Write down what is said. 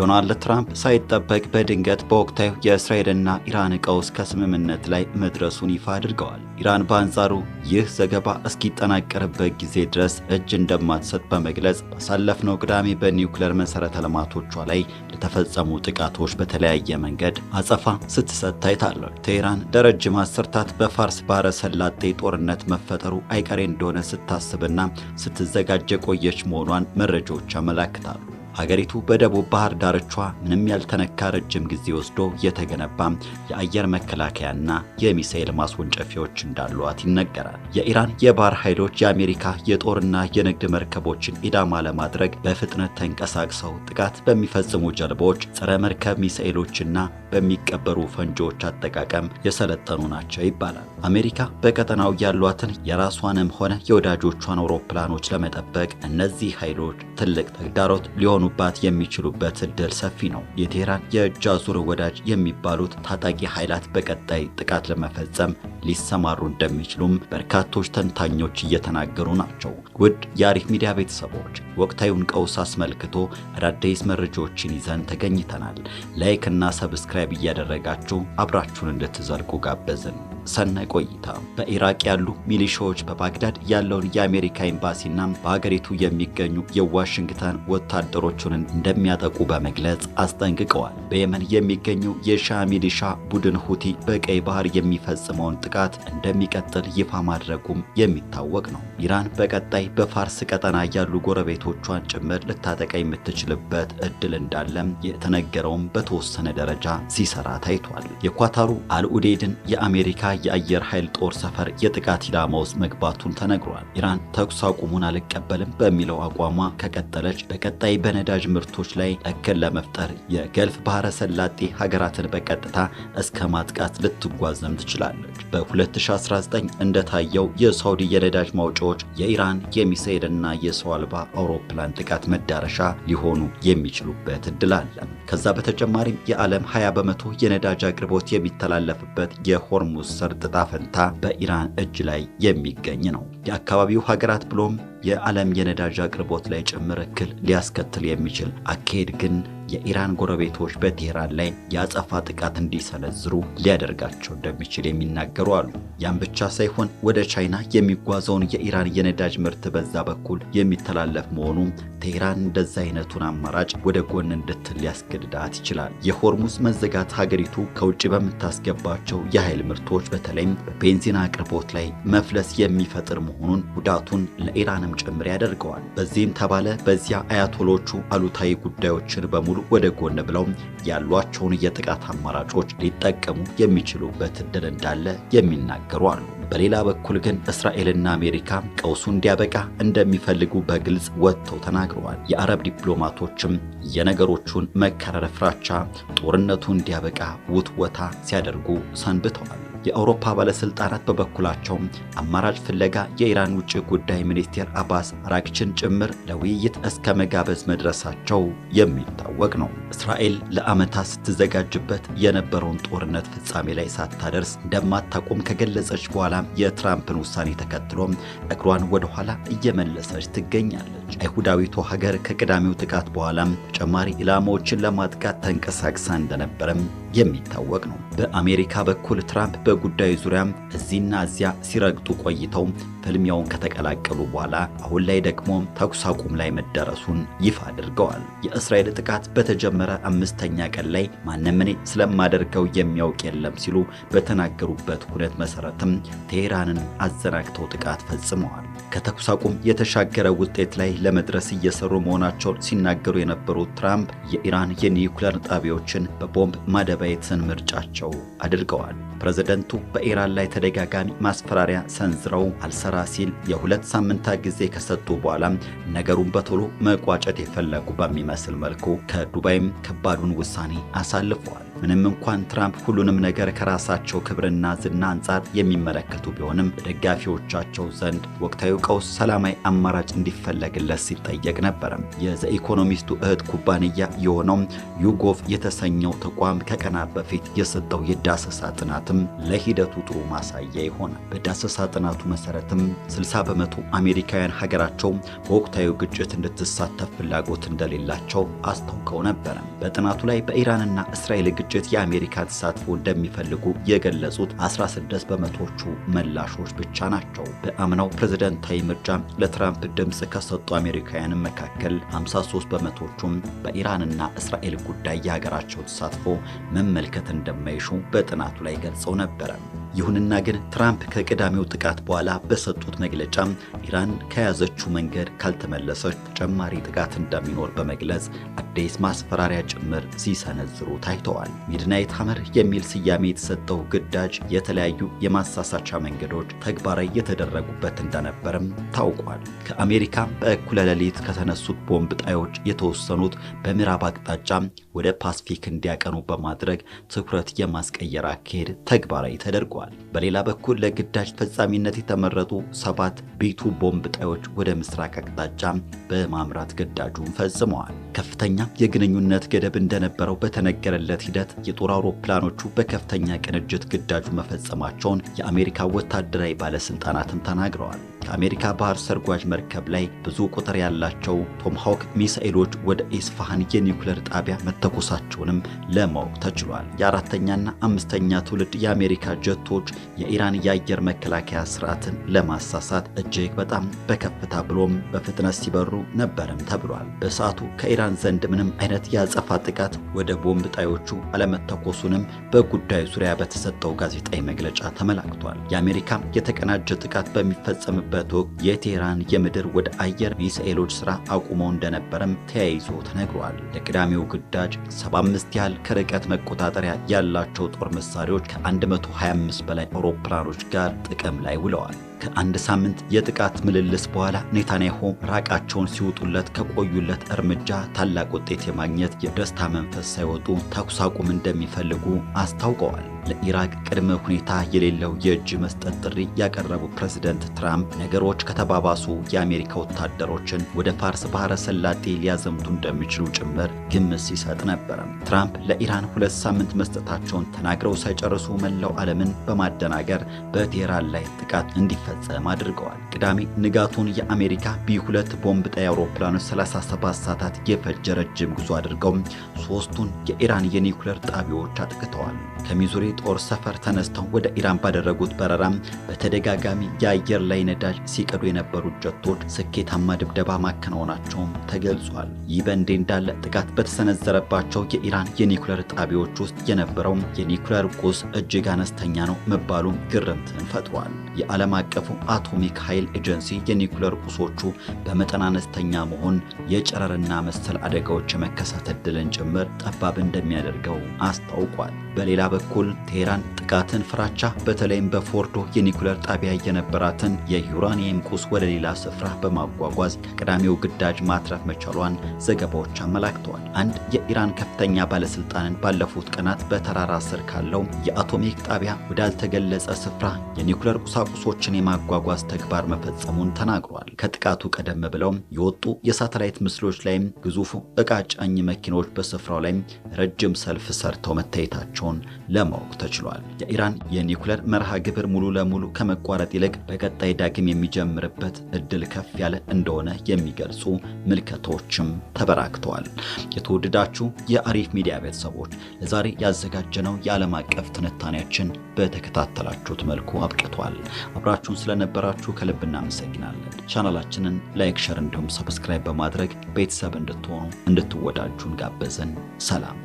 ዶናልድ ትራምፕ ሳይጠበቅ በድንገት በወቅታዊ የእስራኤልና ኢራን ቀውስ ከስምምነት ላይ መድረሱን ይፋ አድርገዋል። ኢራን በአንጻሩ ይህ ዘገባ እስኪጠናቀርበት ጊዜ ድረስ እጅ እንደማትሰጥ በመግለጽ ባሳለፍነው ቅዳሜ በኒውክሌር መሠረተ ልማቶቿ ላይ ለተፈጸሙ ጥቃቶች በተለያየ መንገድ አጸፋ ስትሰጥ ታይታለች። ቴህራን ለረጅም አስርታት በፋርስ ባሕረ ሰላጤ ጦርነት መፈጠሩ አይቀሬ እንደሆነ ስታስብና ስትዘጋጅ የቆየች መሆኗን መረጃዎች ያመላክታሉ። አገሪቱ በደቡብ ባህር ዳርቿ ምንም ያልተነካ ረጅም ጊዜ ወስዶ የተገነባ የአየር መከላከያና የሚሳኤል ማስወንጨፊያዎች እንዳሏት ይነገራል። የኢራን የባህር ኃይሎች የአሜሪካ የጦርና የንግድ መርከቦችን ኢላማ ለማድረግ በፍጥነት ተንቀሳቅሰው ጥቃት በሚፈጽሙ ጀልባዎች፣ ጸረ መርከብ ሚሳኤሎችና በሚቀበሩ ፈንጂዎች አጠቃቀም የሰለጠኑ ናቸው ይባላል። አሜሪካ በቀጠናው ያሏትን የራሷንም ሆነ የወዳጆቿን አውሮፕላኖች ለመጠበቅ እነዚህ ኃይሎች ትልቅ ተግዳሮት ሊሆኑ ሊሆኑባት የሚችሉበት እድል ሰፊ ነው። የቴህራን የእጅ አዙር ወዳጅ የሚባሉት ታጣቂ ኃይላት በቀጣይ ጥቃት ለመፈጸም ሊሰማሩ እንደሚችሉም በርካቶች ተንታኞች እየተናገሩ ናቸው። ውድ የአሪፍ ሚዲያ ቤተሰቦች ወቅታዊውን ቀውስ አስመልክቶ አዳዲስ መረጃዎችን ይዘን ተገኝተናል። ላይክ እና ሰብስክራይብ እያደረጋችሁ አብራችሁን እንድትዘልቁ ጋበዝን። ሰናይ ቆይታ። በኢራቅ ያሉ ሚሊሻዎች በባግዳድ ያለውን የአሜሪካ ኤምባሲና በሀገሪቱ የሚገኙ የዋሽንግተን ወታደሮችን እንደሚያጠቁ በመግለጽ አስጠንቅቀዋል። በየመን የሚገኘው የሻ ሚሊሻ ቡድን ሁቲ በቀይ ባህር የሚፈጽመውን ጥቃት እንደሚቀጥል ይፋ ማድረጉም የሚታወቅ ነው። ኢራን በቀጣይ በፋርስ ቀጠና ያሉ ጎረቤት ሴቶቿን ጭምር ልታጠቃ የምትችልበት እድል እንዳለም የተነገረውም በተወሰነ ደረጃ ሲሰራ ታይቷል። የኳታሩ አልኡዴድን የአሜሪካ የአየር ኃይል ጦር ሰፈር የጥቃት ኢላማ ውስጥ መግባቱን ተነግሯል። ኢራን ተኩስ አቁሙን አልቀበልም በሚለው አቋሟ ከቀጠለች በቀጣይ በነዳጅ ምርቶች ላይ እክል ለመፍጠር የገልፍ ባህረ ሰላጤ ሀገራትን በቀጥታ እስከ ማጥቃት ልትጓዘም ትችላለች። በ2019 እንደታየው የሳውዲ የነዳጅ ማውጫዎች የኢራን የሚሳኤልና የሰው አልባ አውሮ የአውሮፕላን ጥቃት መዳረሻ ሊሆኑ የሚችሉበት እድል አለ። ከዛ በተጨማሪም የዓለም 20 በመቶ የነዳጅ አቅርቦት የሚተላለፍበት የሆርሙዝ ሰርጥ ዕጣ ፈንታ በኢራን እጅ ላይ የሚገኝ ነው። የአካባቢው ሀገራት ብሎም የዓለም የነዳጅ አቅርቦት ላይ ጭምር እክል ሊያስከትል የሚችል አካሄድ ግን የኢራን ጎረቤቶች በቴህራን ላይ የአጸፋ ጥቃት እንዲሰነዝሩ ሊያደርጋቸው እንደሚችል የሚናገሩ አሉ። ያም ብቻ ሳይሆን ወደ ቻይና የሚጓዘውን የኢራን የነዳጅ ምርት በዛ በኩል የሚተላለፍ መሆኑ ቴህራን እንደዛ አይነቱን አማራጭ ወደ ጎን እንድትል ሊያስገድዳት ይችላል። የሆርሙዝ መዘጋት ሀገሪቱ ከውጭ በምታስገባቸው የኃይል ምርቶች በተለይም በቤንዚን አቅርቦት ላይ መፍለስ የሚፈጥር መሆኑን ጉዳቱን ለኢራንም ጭምር ያደርገዋል። በዚህም ተባለ በዚያ አያቶሎቹ አሉታዊ ጉዳዮችን በሙሉ ወደ ጎን ብለው ያሏቸውን የጥቃት አማራጮች ሊጠቀሙ የሚችሉበት እድል እንዳለ የሚናገሩ አሉ። በሌላ በኩል ግን እስራኤልና አሜሪካ ቀውሱ እንዲያበቃ እንደሚፈልጉ በግልጽ ወጥተው ተናግረዋል። የአረብ ዲፕሎማቶችም የነገሮቹን መከረር ፍራቻ ጦርነቱ እንዲያበቃ ውትወታ ሲያደርጉ ሰንብተዋል። የአውሮፓ ባለስልጣናት በበኩላቸው አማራጭ ፍለጋ የኢራን ውጭ ጉዳይ ሚኒስቴር አባስ አራግቺን ጭምር ለውይይት እስከ መጋበዝ መድረሳቸው የሚታወቅ ነው። እስራኤል ለዓመታት ስትዘጋጅበት የነበረውን ጦርነት ፍጻሜ ላይ ሳታደርስ እንደማታቆም ከገለጸች በኋላ የትራምፕን ውሳኔ ተከትሎ እግሯን ወደኋላ እየመለሰች ትገኛለች። አይሁዳዊቱ ሀገር ከቅዳሜው ጥቃት በኋላ ተጨማሪ ኢላማዎችን ለማጥቃት ተንቀሳቅሳ እንደነበረም የሚታወቅ ነው። በአሜሪካ በኩል ትራምፕ በጉዳዩ ዙሪያ እዚህና እዚያ ሲረግጡ ቆይተው ፍልሚያውን ከተቀላቀሉ በኋላ አሁን ላይ ደግሞ ተኩስ አቁም ላይ መደረሱን ይፋ አድርገዋል። የእስራኤል ጥቃት በተጀመረ አምስተኛ ቀን ላይ ማንም እኔ ስለማደርገው የሚያውቅ የለም ሲሉ በተናገሩበት ሁነት መሰረትም ቴሄራንን አዘናግተው ጥቃት ፈጽመዋል። ከተኩስ አቁም የተሻገረ ውጤት ላይ ለመድረስ እየሰሩ መሆናቸውን ሲናገሩ የነበሩት ትራምፕ የኢራን የኒውክለር ጣቢያዎችን በቦምብ ማደባየትን ምርጫቸው አድርገዋል። ፕሬዝደንቱ በኢራን ላይ ተደጋጋሚ ማስፈራሪያ ሰንዝረው አልሰራ ልሰራ ሲል የሁለት ሳምንታት ጊዜ ከሰጡ በኋላ ነገሩን በቶሎ መቋጨት የፈለጉ በሚመስል መልኩ ከዱባይም ከባዱን ውሳኔ አሳልፈዋል። ምንም እንኳን ትራምፕ ሁሉንም ነገር ከራሳቸው ክብርና ዝና አንጻር የሚመለከቱ ቢሆንም በደጋፊዎቻቸው ዘንድ ወቅታዊ ቀውስ ሰላማዊ አማራጭ እንዲፈለግለት ሲጠየቅ ነበር። የዘኢኮኖሚስቱ እህት ኩባንያ የሆነው ዩጎቭ የተሰኘው ተቋም ከቀናት በፊት የሰጠው የዳሰሳ ጥናትም ለሂደቱ ጥሩ ማሳያ ይሆናል። በዳሰሳ ጥናቱ መሰረትም 60 በመቶ አሜሪካውያን ሀገራቸው በወቅታዊ ግጭት እንድትሳተፍ ፍላጎት እንደሌላቸው አስታውቀው ነበር። በጥናቱ ላይ በኢራንና እስራኤል ግጭት ግጭት የአሜሪካ ተሳትፎ እንደሚፈልጉ የገለጹት 16 በመቶዎቹ መላሾች ብቻ ናቸው። በአምናው ፕሬዝደንታዊ ምርጫ ለትራምፕ ድምፅ ከሰጡ አሜሪካውያን መካከል 53 በመቶዎቹም በኢራንና እስራኤል ጉዳይ የሀገራቸው ተሳትፎ መመልከት እንደማይሹ በጥናቱ ላይ ገልጸው ነበረ። ይሁንና ግን ትራምፕ ከቅዳሜው ጥቃት በኋላ በሰጡት መግለጫ ኢራን ከያዘችው መንገድ ካልተመለሰች ተጨማሪ ጥቃት እንደሚኖር በመግለጽ አዲስ ማስፈራሪያ ጭምር ሲሰነዝሩ ታይተዋል። ሚድናይት ሐመር የሚል ስያሜ የተሰጠው ግዳጅ የተለያዩ የማሳሳቻ መንገዶች ተግባራዊ የተደረጉበት እንደነበርም ታውቋል። ከአሜሪካ በእኩለ ሌሊት ከተነሱት ቦምብ ጣዮች የተወሰኑት በምዕራብ አቅጣጫ ወደ ፓስፊክ እንዲያቀኑ በማድረግ ትኩረት የማስቀየር አካሄድ ተግባራዊ ተደርጓል። በሌላ በኩል ለግዳጅ ፈጻሚነት የተመረጡ ሰባት ቤቱ ቦምብ ጣዮች ወደ ምስራቅ አቅጣጫ በማምራት ግዳጁን ፈጽመዋል። ከፍተኛ የግንኙነት ገደብ እንደነበረው በተነገረለት ሂደት የጦር አውሮፕላኖቹ በከፍተኛ ቅንጅት ግዳጁ መፈጸማቸውን የአሜሪካ ወታደራዊ ባለስልጣናትም ተናግረዋል። የአሜሪካ ባህር ሰርጓጅ መርከብ ላይ ብዙ ቁጥር ያላቸው ቶምሃውክ ሚሳኤሎች ወደ ኢስፋሃን የኒውክሌር ጣቢያ መተኮሳቸውንም ለማወቅ ተችሏል። የአራተኛና አምስተኛ ትውልድ የአሜሪካ ጀቶች የኢራን የአየር መከላከያ ስርዓትን ለማሳሳት እጅግ በጣም በከፍታ ብሎም በፍጥነት ሲበሩ ነበርም ተብሏል። በሰዓቱ ከኢራን ዘንድ ምንም አይነት ያጸፋ ጥቃት ወደ ቦምብ ጣዮቹ አለመተኮሱንም በጉዳዩ ዙሪያ በተሰጠው ጋዜጣዊ መግለጫ ተመላክቷል። የአሜሪካ የተቀናጀ ጥቃት በሚፈጸምበት በወቅቱ የቴህራን የምድር ወደ አየር ሚሳኤሎች ሥራ አቁመው እንደነበረም ተያይዞ ተነግሯል። ለቅዳሜው ግዳጅ 75 ያህል ከርቀት መቆጣጠሪያ ያላቸው ጦር መሳሪያዎች ከ125 በላይ አውሮፕላኖች ጋር ጥቅም ላይ ውለዋል። ከአንድ ሳምንት የጥቃት ምልልስ በኋላ ኔታንያሁ ራቃቸውን ሲውጡለት ከቆዩለት እርምጃ ታላቅ ውጤት የማግኘት የደስታ መንፈስ ሳይወጡ ተኩስ አቁም እንደሚፈልጉ አስታውቀዋል። ለኢራቅ ቅድመ ሁኔታ የሌለው የእጅ መስጠት ጥሪ ያቀረቡ ፕሬዝደንት ትራምፕ ነገሮች ከተባባሱ የአሜሪካ ወታደሮችን ወደ ፋርስ ባህረ ሰላጤ ሊያዘምቱ እንደሚችሉ ጭምር ግምት ሲሰጥ ነበረ። ትራምፕ ለኢራን ሁለት ሳምንት መስጠታቸውን ተናግረው ሳይጨርሱ መላው ዓለምን በማደናገር በቴህራን ላይ ጥቃት እንዲፈጸም አድርገዋል። ቅዳሜ ንጋቱን የአሜሪካ ቢ2 ቦምብ ጣይ አውሮፕላኖች 37 ሰዓታት የፈጀ ረጅም ጉዞ አድርገው ሶስቱን የኢራን የኒውክለር ጣቢያዎች አጥቅተዋል። ከሚዙሪ ጦር ሰፈር ተነስተው ወደ ኢራን ባደረጉት በረራም በተደጋጋሚ የአየር ላይ ነዳጅ ሲቀዱ የነበሩ ጀቶች ስኬታማ ድብደባ ማከናወናቸውም ተገልጿል። ይህ በእንዲህ እንዳለ ጥቃት በተሰነዘረባቸው የኢራን የኒኩለር ጣቢያዎች ውስጥ የነበረው የኒኩለር ቁስ እጅግ አነስተኛ ነው መባሉም ግርምትን ፈጥሯል። የዓለም አቀፉ አቶሚክ ኃይል ኤጀንሲ የኒኩለር ቁሶቹ በመጠን አነስተኛ መሆን የጨረርና መሰል አደጋዎች የመከሰት ዕድልን ጭምር ጠባብ እንደሚያደርገው አስታውቋል። በሌላ በኩል ቴህራን ጥቃትን ፍራቻ በተለይም በፎርዶ የኒኩለር ጣቢያ የነበራትን የዩራኒየም ቁስ ወደ ሌላ ስፍራ በማጓጓዝ ከቀዳሚው ግዳጅ ማትረፍ መቻሏን ዘገባዎች አመላክተዋል። አንድ የኢራን ከፍተኛ ባለስልጣንን ባለፉት ቀናት በተራራ ስር ካለው የአቶሚክ ጣቢያ ወዳልተገለጸ ስፍራ የኒኩለር ቁሳቁሶችን የማጓጓዝ ተግባር መፈጸሙን ተናግሯል። ከጥቃቱ ቀደም ብለው የወጡ የሳተላይት ምስሎች ላይም ግዙፉ እቃ ጫኝ መኪኖች በስፍራው ላይም ረጅም ሰልፍ ሰርተው መታየታቸውን ለማወቅ ተችሏል። የኢራን የኒውክለር መርሃ ግብር ሙሉ ለሙሉ ከመቋረጥ ይልቅ በቀጣይ ዳግም የሚጀምርበት እድል ከፍ ያለ እንደሆነ የሚገልጹ ምልከቶችም ተበራክተዋል። የተወደዳችሁ የአሪፍ ሚዲያ ቤተሰቦች ለዛሬ ያዘጋጀነው የዓለም አቀፍ ትንታኔያችን በተከታተላችሁት መልኩ አብቅቷል። አብራችሁን ስለነበራችሁ ከልብ እናመሰግናለን። ቻናላችንን ላይክ፣ ሸር እንዲሁም ሰብስክራይብ በማድረግ ቤተሰብ እንድትሆኑ እንድትወዳጁን ጋበዘን ሰላም